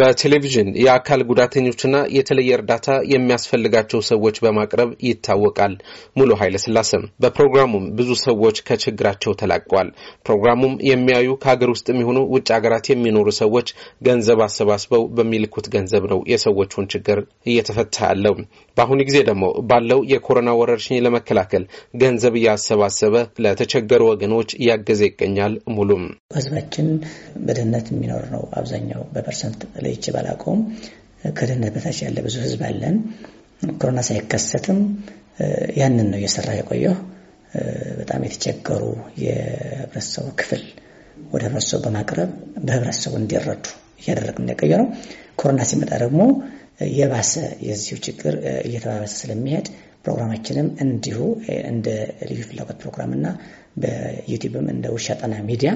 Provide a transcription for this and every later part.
በቴሌቪዥን የአካል ጉዳተኞችና የተለየ እርዳታ የሚያስፈልጋቸው ሰዎች በማቅረብ ይታወቃል። ሙሉ ኃይለ ስላሴም በፕሮግራሙም ብዙ ሰዎች ከችግራቸው ተላቀዋል። ፕሮግራሙም የሚያዩ ከሀገር ውስጥ የሚሆኑ ውጭ ሀገራት የሚኖሩ ሰዎች ገንዘብ አሰባስበው በሚልኩት ገንዘብ ነው የሰዎቹን ችግር እየተፈታ ያለው። በአሁኑ ጊዜ ደግሞ ባለው የኮሮና ወረርሽኝ ለመከላከል ገንዘብ እያሰባሰበ ለተቸገሩ ወገኖች እያገዘ ይገኛል። ሙሉም ህዝባችን በድህነት የሚኖር ነው አብዛኛው በፐርሰንት ለይቼ ባላውቀውም ከድህነት በታች ያለ ብዙ ህዝብ አለን። ኮሮና ሳይከሰትም ያንን ነው እየሰራ የቆየሁ። በጣም የተቸገሩ የህብረተሰቡ ክፍል ወደ ህብረተሰቡ በማቅረብ በህብረተሰቡ እንዲረዱ እያደረግን ነው ኮሮና ሲመጣ ደግሞ የባሰ የዚሁ ችግር እየተባባሰ ስለሚሄድ ፕሮግራማችንም እንዲሁ እንደ ልዩ ፍላጎት ፕሮግራምና በዩቲዩብም እንደ ውሻ ጠና ሚዲያ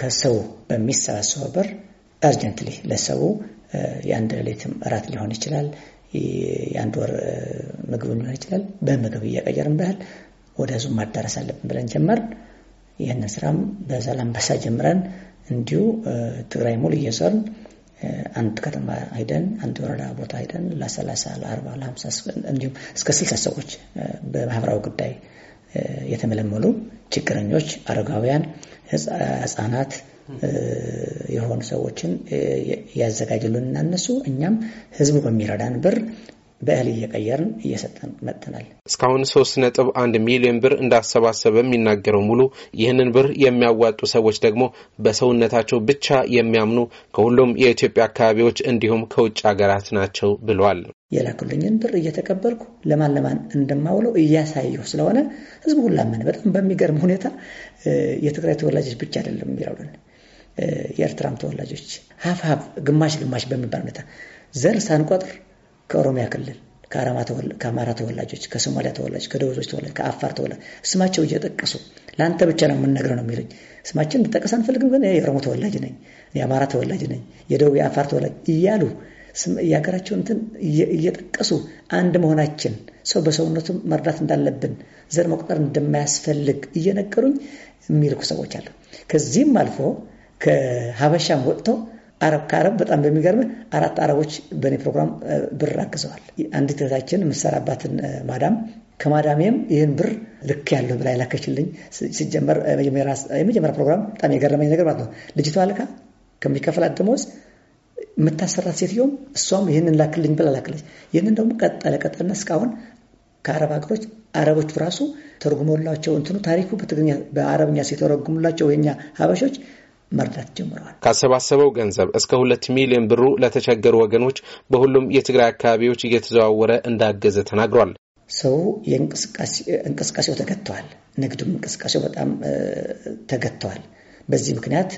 ከሰው በሚሰባሰበው ብር አርጀንትሊ ለሰው የአንድ ሌሊትም እራት ሊሆን ይችላል፣ የአንድ ወር ምግብ ሊሆን ይችላል። በምግብ እየቀየርን ባህል ወደ ህዝቡ ማዳረስ አለብን ብለን ጀመርን። ይህንን ስራም በዛላምበሳ ጀምረን እንዲሁ ትግራይ ሙሉ እየሰርን አንድ ከተማ ሄደን አንድ ወረዳ ቦታ ሄደን ለሰላሳ ለአርባ ለሀምሳ እንዲሁም እስከ ስልሳ ሰዎች በማህበራዊ ጉዳይ የተመለመሉ ችግረኞች፣ አረጋውያን፣ ህፃናት የሆኑ ሰዎችን ያዘጋጅሉንና እነሱ እኛም ህዝቡ በሚረዳን ብር በእህል እየቀየርን እየሰጠን መጥተናል። እስካሁን ሶስት ነጥብ አንድ ሚሊዮን ብር እንዳሰባሰበ የሚናገረው ሙሉ ይህንን ብር የሚያዋጡ ሰዎች ደግሞ በሰውነታቸው ብቻ የሚያምኑ ከሁሉም የኢትዮጵያ አካባቢዎች እንዲሁም ከውጭ ሀገራት ናቸው ብሏል። የላኩልኝን ብር እየተቀበልኩ ለማን ለማን እንደማውለው እያሳየሁ ስለሆነ ህዝቡ ሁላመን በጣም በሚገርም ሁኔታ የትግራይ ተወላጆች ብቻ አይደለም የሚረዱን የኤርትራም ተወላጆች ሀፍሀፍ ግማሽ ግማሽ በሚባል ሁኔታ ዘር ሳንቆጥር ከኦሮሚያ ክልል ከአማራ ተወላጆች፣ ከሶማሊያ ተወላጆች፣ ከደቡዞች ተወላጆች፣ ከአፋር ተወላጅ ስማቸው እየጠቀሱ ለአንተ ብቻ ነው የምንነግረው ነው የሚሉኝ። ስማቸው እንድጠቀስ አንፈልግም፣ ግን የኦሮሞ ተወላጅ ነኝ፣ የአማራ ተወላጅ ነኝ፣ የደቡብ የአፋር ተወላጅ እያሉ የሀገራቸው እንትን እየጠቀሱ አንድ መሆናችን ሰው በሰውነቱ መርዳት እንዳለብን ዘር መቁጠር እንደማያስፈልግ እየነገሩኝ የሚልኩ ሰዎች አሉ። ከዚህም አልፎ ከሀበሻም ወጥቶ አረብ ከአረብ በጣም በሚገርም አራት አረቦች በእኔ ፕሮግራም ብር አግዘዋል። አንዲት እህታችን የምሰራባትን ማዳም ከማዳሜም ይህን ብር ልክ ያለሁ ብላ የላከችልኝ። ሲጀመር የመጀመሪያ ፕሮግራም በጣም የገረመኝ ነገር ማለት ነው ልጅቷ ልካ ከሚከፈላት ደሞዝ የምታሰራት ሴትዮም እሷም ይህንን ላክልኝ ብላ ላክለች። ይህንን ደግሞ ቀጠለ ቀጠልና እስካሁን ከአረብ ሀገሮች አረቦቹ ራሱ ተርጉሞላቸው እንትኑ ታሪኩ በትግርኛ በአረብኛ ሲተረጉሙላቸው የኛ ሀበሾች መርዳት ጀምረዋል። ካሰባሰበው ገንዘብ እስከ ሁለት ሚሊዮን ብሩ ለተቸገሩ ወገኖች በሁሉም የትግራይ አካባቢዎች እየተዘዋወረ እንዳገዘ ተናግሯል። ሰው እንቅስቃሴው ተገተዋል። ንግዱም እንቅስቃሴው በጣም ተገተዋል። በዚህ ምክንያት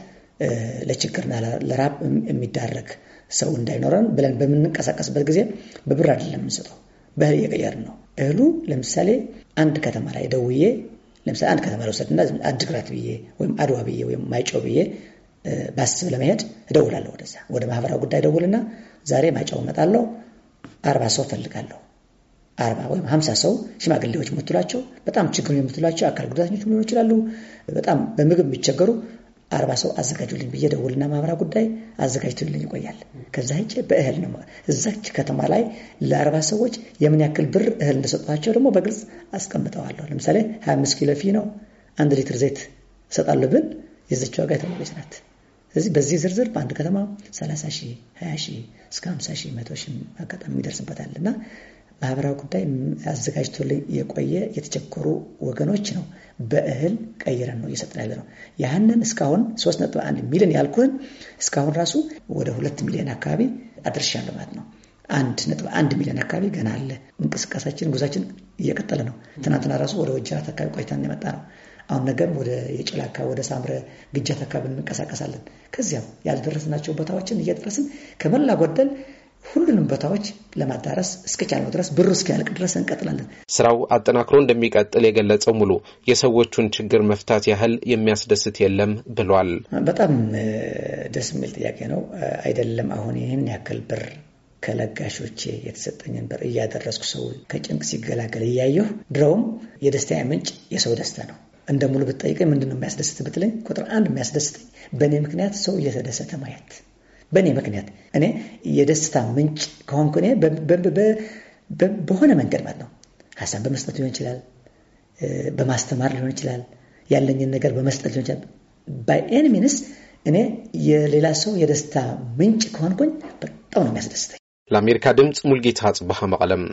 ለችግርና ለራብ የሚዳረግ ሰው እንዳይኖረን ብለን በምንንቀሳቀስበት ጊዜ በብር አይደለም የምንሰጠው፣ በእህል እየቀየርን ነው። እህሉ ለምሳሌ አንድ ከተማ ላይ ደውዬ ለምሳሌ አንድ ከተማ ልውሰድና አድግራት ብዬ ወይም አድዋ ብዬ ወይም ማይጨው ብዬ ባስብ ለመሄድ እደውላለሁ። ወደዛ ወደ ማህበራዊ ጉዳይ እደውልና ዛሬ ማይጨው እመጣለሁ፣ አርባ ሰው ፈልጋለሁ። አርባ ወይም ሀምሳ ሰው ሽማግሌዎች የምትሏቸው በጣም ችግር የምትሏቸው አካል ጉዳተኞች ሊሆኑ ይችላሉ። በጣም በምግብ የሚቸገሩ አርባ ሰው አዘጋጁልኝ ብዬ ደውልና ማምራ ጉዳይ አዘጋጅቶልኝ ይቆያል። ከዛ ሄጄ በእህል ነው እዛች ከተማ ላይ ለአርባ ሰዎች የምን ያክል ብር እህል እንደሰጧቸው ደግሞ በግልጽ አስቀምጠዋለሁ። ለምሳሌ 25 ኪሎ ፊ ነው አንድ ሊትር ዘይት እሰጣለሁ ብን የዘች ዋጋ የተሞለች ናት። ስለዚህ በዚህ ዝርዝር በአንድ ከተማ 30 ሺህ፣ 20 ሺህ እስከ 50 ሺህ፣ 100 ሺህ አጋጣሚ ይደርስበታል እና ማህበራዊ ጉዳይ አዘጋጅቶልኝ የቆየ የተቸኮሩ ወገኖች ነው በእህል ቀይረን ነው እየሰጥን ያለ ነው። ያህንን እስካሁን 3.1 ሚሊዮን ያልኩህን እስካሁን ራሱ ወደ ሁለት ሚሊዮን አካባቢ አድርሻለሁ ማለት ነው። አንድ ነጥብ አንድ ሚሊዮን አካባቢ ገና አለ። እንቅስቃሴያችን ጉዛችን እየቀጠለ ነው። ትናንትና ራሱ ወደ ወጀራት አካባቢ ቆይታን የመጣ ነው። አሁን ነገም ወደ የጭላካ ወደ ሳምረ ግጃት አካባቢ እንቀሳቀሳለን ከዚያም ያልደረስናቸው ቦታዎችን እየደረስን ከመላ ጎደል ሁሉንም ቦታዎች ለማዳረስ እስከቻለው ድረስ ብሩ እስኪያልቅ ድረስ እንቀጥላለን። ስራው አጠናክሮ እንደሚቀጥል የገለጸው ሙሉ የሰዎቹን ችግር መፍታት ያህል የሚያስደስት የለም ብሏል። በጣም ደስ የሚል ጥያቄ ነው አይደለም? አሁን ይህን ያክል ብር ከለጋሾቼ የተሰጠኝን ብር እያደረስኩ ሰው ከጭንቅ ሲገላገል እያየሁ ድረውም የደስታ ምንጭ የሰው ደስታ ነው። እንደ ሙሉ ብትጠይቀኝ ምንድነው የሚያስደስት ብትለኝ ቁጥር አንድ የሚያስደስተኝ በእኔ ምክንያት ሰው እየተደሰተ ማየት በእኔ ምክንያት እኔ የደስታ ምንጭ ከሆንኩ በሆነ መንገድ ማለት ነው ሀሳብ በመስጠት ሊሆን ይችላል፣ በማስተማር ሊሆን ይችላል፣ ያለኝን ነገር በመስጠት ሊሆን ይችላል። ባይ ኤኒ ሚንስ እኔ የሌላ ሰው የደስታ ምንጭ ከሆንኩኝ በጣም ነው የሚያስደስተኝ። ለአሜሪካ ድምፅ ሙልጌታ ጽባሃ መቀለም